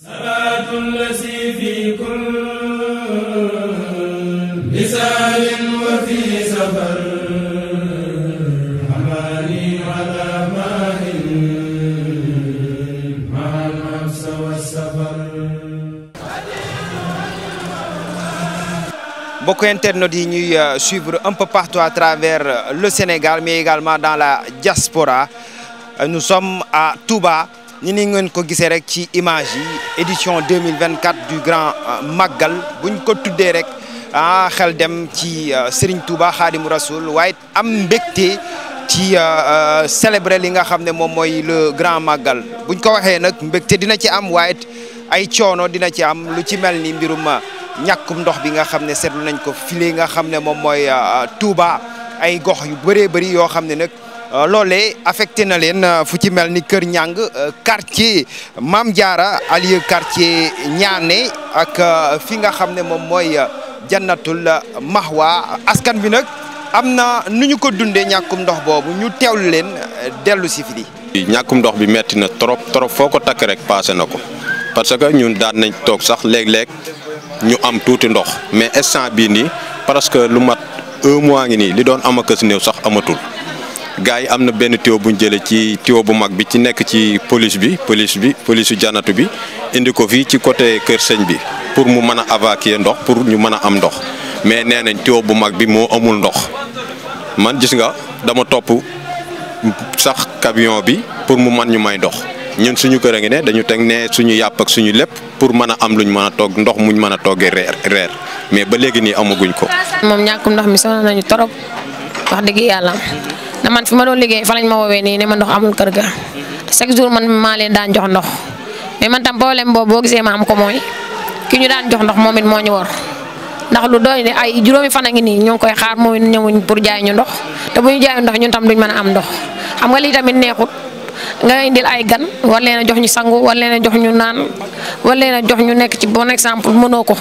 beaucoup d'internautes suivent suivre un peu partout à travers euh, le Sénégal mais également dans la diaspora euh, nous sommes à Touba ñu ni ngeen ko gisee rek ci édition 2024 du grand euh, Magal, buñ ko tuddee rek ah xel dem ci euh, Serigne Touba Xaadimu Rasul waaye am mbégte ci euh, célébrer li nga xam ne le grand Magal. buñ ko waxee nag mbégte dina ci am waaye ay coono dina ci am lu ci mel ni mbirum ñàkkum ndox bi nga xam ne nañ ko nga Euh, loolee affecté na leen euh, fu ci mel ni Kër Ñàng euh, quartier Maam Jaara alieu quartier Ñaane ak fi nga xam ne moom mooy jannatul Mahwa askan bi nag am na nu ñu ko dundee ñàkkum ndox boobu ñu teewlu leen dellu si fi di ñàkkum ndox bi metti na trop trop foo ko takk rek passé na ko parce que ñun daan nañ toog sax léeg-léeg ñu am tuuti ndox mais instant bii nii parce que lu mat un mois ngi nii li doon am a kës néew sax amatul. gars yi am na benn tuyau bu ñu jëlee ci tuyau bu mag bi ci nekk ci police bi police bi police yu janatu bi indi ko fii ci côté Kër Sëñ bi pour mu mën a évacuer ndox pour ñu mën a am ndox mais nee nañ tuyau bu mag bi moo amul ndox man gis nga dama topp sax camion bi pour mu mën ñu may ndox ñun suñu kër a ngi ne dañu teg ne suñu yàpp ak suñu lépp pour mën a am luñ mën a togg ndox muñ mën a toggee reer reer mais ba léegi nii amaguñ ko. moom ñàkkum ndox mi sonal nañu torop wax dëgg yàlla. na man fi ma doon liggéey fa lañ ma woowee nii ne ma ndox amul kër ga te chaque jour man maa leen daan jox ndox mais man tam problème boobu boo gisee ma am ko mooy ki ñu daan jox ndox moom it moo ñu war ndax lu doy ne ay juróomi fan a ngi nii ñu ngi koy xaar mooy ñëwuñ pour jaay ñu ndox te bu ñu jaay ndox ñun tam duñ mën a am ndox xam nga lii tamit neexut nga indil ay gan war leen a jox ñu sangu war leen a jox ñu naan war leen a jox ñu nekk ci bon exemple mënoo ko.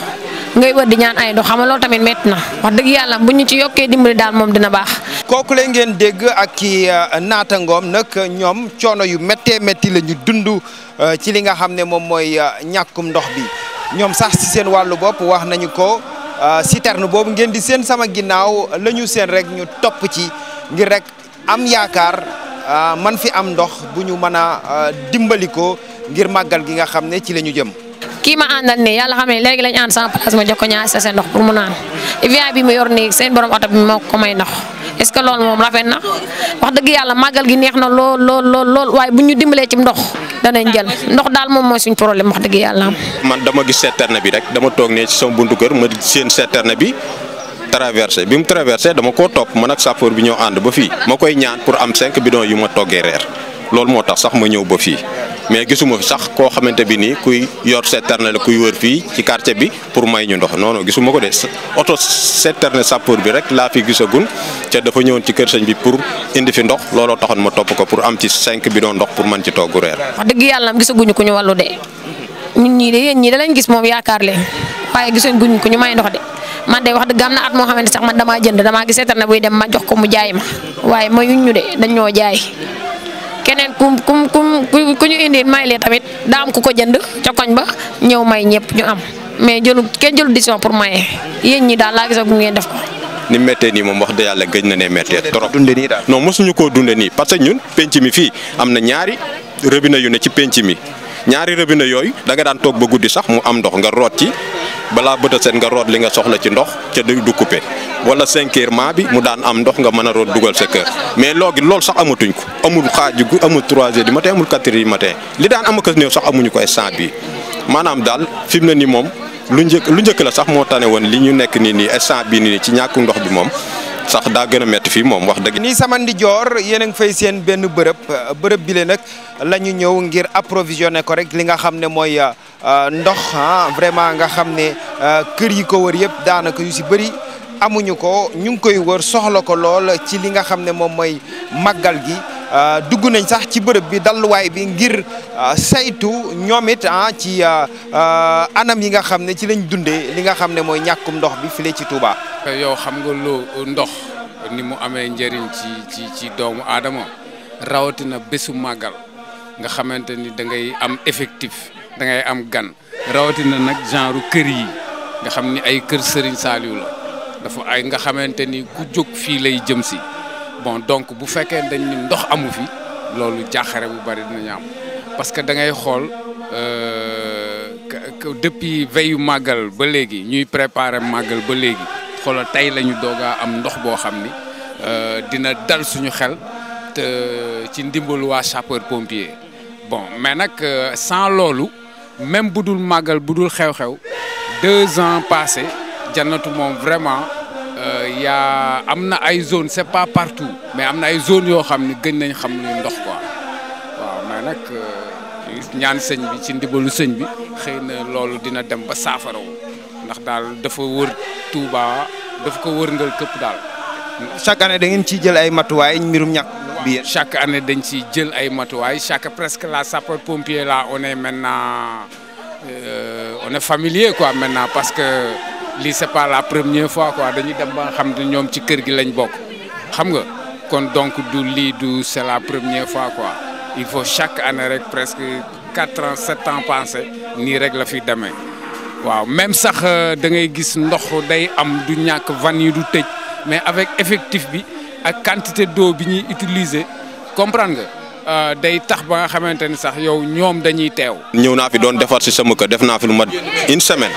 ngay wër ñaan ay ndox xam nga loolu tamit métti na wax dëgg yàlla bu ñu ci yokkee dimbali daal moom dina baax. kooku la ngeen dégg ak ki euh, naatangoom nag ñoom coono yu mettee métti la ñu dund euh, ci li nga xam ne moom mooy euh, ñàkkum ndox bi ñoom sax si seen wàllu bopp wax nañu ko citerne boobu ngeen di seen sama ginnaaw la ñu seen rek ñu topp ci ngir rek am yaakaar man fi am ndox bu ñu mën a dimbali ko ngir màggal gi nga xam ne ci la ñu jëm. kii ma àndal ne yàlla xam ne léegi lañ ànd sama place ma jox ko ñaari sachet ndox pour mu naan via bi mu yor nii seen borom oto bi moo ko may ndox est-ce que loolu moom rafet na wax dëgg yàlla màggal gi neex na lool lool lool waaye bu ñu dimbalee ci ndox danañ jël ndox daal moom mooy suñ problème wax dëgg yàlla. man dama gis citerne bi rek dama toog ne ci sama buntu kër ma seen citerne bi traversé bi mu traversé dama koo topp man ak sapeur bi ñoo ànd ba fii ma koy ñaan am 5 bidons yu ma toggee reer loolu moo tax sax ma ñëw ba fii. mais gisuma sax ko xamanteni bi nii kuy yor citerne la kuy wër fi ci quartier bi pour may ñu ndox non non gisuma ko de oto citerne sapeur bi rek la fi gisagun ci dafa ci kër sëñ bi pour indi fi ndox lolo taxoon ma top ko pour am ci 5 bidon ndox pour man ci togu reer. wax dëgg yàlla gisaguñu ku ñu walu de ñun ñi de yéen ñii da lañ gis yaakar le waye gisoon gisaguñu ku ñu may ndox de. man day wax gamna at mo xamanteni sax man dama jënd gis buy dem ma jox ko mu jaay ma waaye mayuñ ñu de dañ ñoo jaay. keneen kum kum kum ku ñu indi may lee tamit daa am ku ko jënd ca koñ ba ñëw may ñëpp ñu am mais jëlu kenn jëlu décision pour maye yéen ñi daal laa gis bu ngeen def ko. ni mettee nii moom wax dëgg yàlla gëj na ne méttee trop non mosuñu ko dunde nii parce que ñun penc mi fii am na ñaari robinet yu ne ci penc mi ñaari robinet yooyu da nga daan toog ba guddi sax mu am ndox nga root ci balaa bët a set nga root li nga soxla ci ndox ca du coupé wala cinq heures bi mu daan am ndox nga mën a root dugal sa kër mais loogi loolu sax amatuñ ko amul xaaju gu amul trois heures du matin amul quatre heures daan am ak néew sax amuñu ko instant bi maanaam daal fi mu ne nii moom lu njëkk lu njëkk la sax moo tane woon li ñu nekk nii nii instant bi nii ci ñàkk ndox bi moom. sax daa gën a métti fii moom wax dëgg. nii sama ndijoor yéen a ngi fay seen benn bërëb bërëb bile nag la ñu ñëw ngir approvisionné ko rek li nga xam ne mooy euh, ndox ah vraiment nga xam ne euh, kër yi ko wër yëpp daanaka yu si bëri. amuñu ko ñu ngi koy wër soxla ko lool ci li nga xam ne moom mooy màggal gi Euh, dugg nañ sax ci bërëb bi dalluwaay bi ngir euh, saytu ñoom it ah ci euh, anam yi nga xam ne ci lañ dundee li nga xam ne mooy ñàkkum ndox bi file ci Touba. yow xam nga loo ndox ni mu amee njëriñ ci ci ci doomu aadama rawatina bésu màggal nga xamante ni dangay am effectif da ngay am gan rawatina nag genre kër yi nga xam ni ay kër Serigne Saliou nga xamante ni ku jóg fii lay jëm si. bon donc bu faites dañ ni ndox amu fi bu parce que da ngay euh, depuis veille magal ba légui ñuy préparer magal ba légui am ndox euh, dina dal suñu xel te ci bon mais euh, sans lolou même si Magal deux ans passés jannatu vraiment. yaa am na ay zone c'est pas partout mais am na ay zone yoo xam ne gën nañ xam luy ndox quoi waaw mais nag euh, ñaan sëñ bi ci ndibalu sëñ bi xëy na loolu dina dem ba saafaro ndax daal dafa wër Touba dafa ko wërngal këpp daal. chaque année da ngeen ciy jël ay matuwaay mbirum ñàkk bi chaque année dañ ci jël ay matuwaay chaque presque la sapeur pompier la on est maintenant euh, familier quoi maintenant parce que. Ce c'est pas la première fois quoi dem c'est la première fois quoi il faut chaque année presque 4 ans 7 ans penser, ni rek la fi même sax euh, da ngay gis ndox day am du mais avec effectif bi quantité d'eau bi comprendre Euh, day tax ba nga xamante ni sax yow ñoom dañuy teew. ñëw naa fi doon defar si sama kër def naa fi lu mat une semaine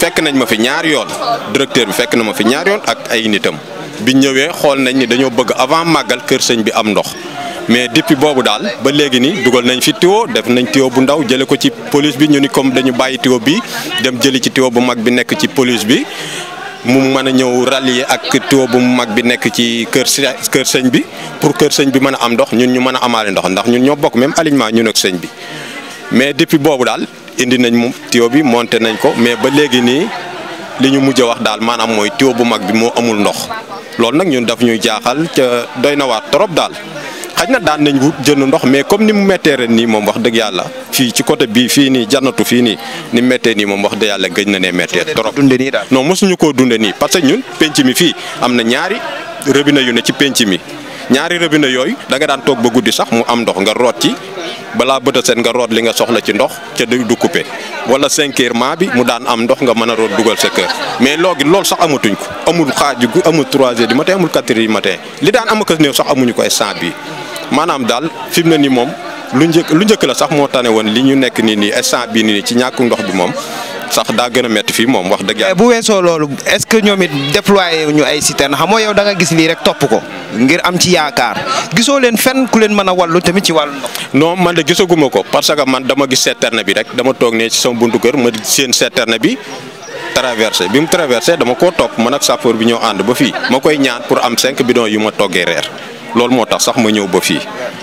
fekk nañ ma fi ñaar yoon directeur bi fekk na ma fi ñaar yoon ak ay nitam bi ñëwee xool nañ ni dañoo bëgg avant màggal kër sëñ bi am ndox. mais depuis boobu daal ba léegi ni dugal nañ fi tiwo def nañ tiwo bu ndaw jële ko ci police bi ñu ni comme dañu bàyyi tiwo bi dem jëli ci tiwo bu mag bi nekk ci police bi mu mën a ñëw yi ak tuyau bu mag bi nekk ci kër kër sëñ bi pour kër sëñ bi mën a am ndox ñun ñu mën a amaale ndox ndax ñun ñoo bokk même alignement ñun ak sëñ bi mais depuis boobu daal indi nañ mu tuyau bi moonte nañ ko mais ba léegi nii li ñu mujj a wax daal maanaam mooy tuyau bu mag bi moo amul ndox loolu nag ñun daf ñuy jaaxal ca doy na waat trop daal. xaj na daan nañ wut jënd ndox mais comme ni mu méttee ren nii moom wax dëgg yàlla fii ci côté bii fii nii janatu fii nii ni mu méttee nii moom wax dëgg yàlla gëj na ne méttee trop non mosuñu koo dunde nii parce que ñun penc mi fii am na ñaari robinet yu ne ci penc mi ñaari robinet yooyu da nga daan toog ba guddi sax mu am ndox nga root ci balaa bët a set nga root li nga soxla ci ndox ca du coupé wala cinq heures maa bi mu daan am ndox nga mën a root dugal sa mais loogi loolu sax amatuñ ko amul xaaju amul trois heures du matin amul quatre li daan am ak néew amuñu ko instant bii manam dal fi ni mom, lu ñeuk lu ñeuk la sax mo tane won li ñu nekk ni ni instant bi ni ci ñaaku ndox bi mom sax da gëna metti fi mom wax deug ya bu wéso lolu est-ce que ñoom déployé ñu ay citerne xamoo yow da nga gis li rek top ko ngir am ci yaakar giso len fenn ku len mëna walu tamit ci walu ndox. non man de gisaguma ko parce que man dama gis citerne bi rek dama tok ne ci sama buntu kër ma seen citerne bi. traverser bi mu traverser dama ko top man ak sapeur bi ñoo and ba fi makoy ñaan pour am 5 bidon yu ma toggee rer loolu moo tax sax ma ñëw ba fii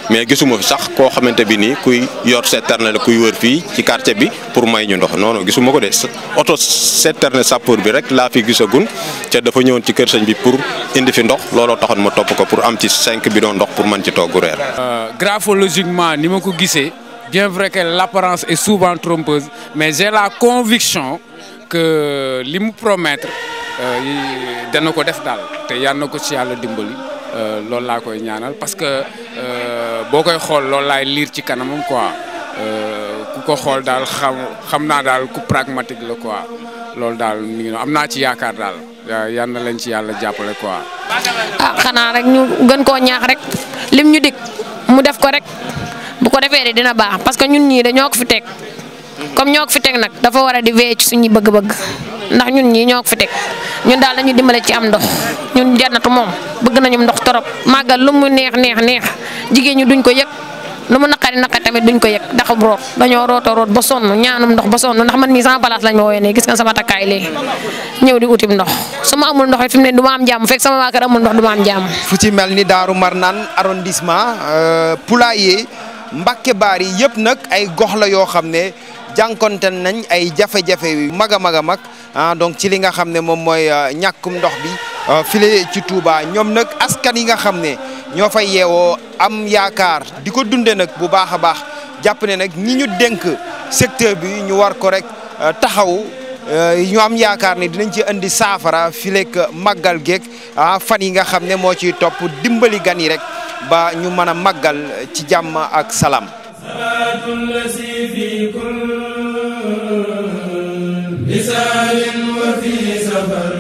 mais gisuma fi sax koo xamante bi nii kuy yor citerne la kuy wër fii ci quartier bi pour may ñu ndox non non gisuma ko de oto citerne sapeur bi rek laa fi gisagun te dafa ñëwoon ci kër sëñ bi pour indi fi ndox looloo taxoon ma topp ko pour am ci cinq bidon ndox pour mën ci toggu reer. Euh, graphologiquement ni ma ko gisee bien vrai que l'apparence est souvent trompeuse mais j'ai la conviction que li mu promettre euh, dana ko def te yàlla na ko ci yàlla dimbali. Euh, loolu laa koy ñaanal parce que euh, boo koy xool loolu laay liir ci kanamam quoi euh, ku ko xool daal xam xam naa daal ku pragmatique la quoi loolu daal mi am naa ci yaakaar daal yal na leen ci yàlla jàppale quoi. ah xanaa rek ñu gën koo ñaax rek lim ñu dikk mu def ko rek bu ko defee de dina baax parce que ñun ñii dañoo ko fi teg comme ñoo ko fi teg nag dafa war a di wéy ci suñu bëgg-bëgg. ndax ñun ñi ñoo fi tek ñun daal lañu dimbalé ci am ndox ñun jannatu mom bëgg nañu ndox torop magal lu mu neex neex neex jigeen ñu duñ ko yek lu mu naqari naqa tamit duñ ko yek ndax root dañoo roto rot ba son ñaanum ndox ba son ndax man sama place lañ ma woyee nii gis nga sama takay lé ñew di utim ndox amul ndox fi ne duma am jamm fek sama waa amul ndox duma am jamm fu ci melni ni marnan arrondissement euh poulailler mbàkke bari yi nak ay gox la yo xamné jànkonten nañ ay jafe-jafe yu mag a mag a mag ah, donc ci li nga xam ne moom mooy ah, ñàkkum ndox bi ah, file ci Touba ñoom nag askan yi nga xam ne ñoo fay yeewoo am yaakaar di ko dundee nag bu baax a baax jàpp ne nag ñi ñu dénk secteur bi ñu war ko rek taxaw ñu am yaakaar ne dinañ ci indi saafara fileeg màggal geeg ah fan yi nga xam ne moo ciy topp dimbali gan yi rek ba ñu mën a màggal ci jàmm ak salaam. الآت الذي في كل لسان وفي سفر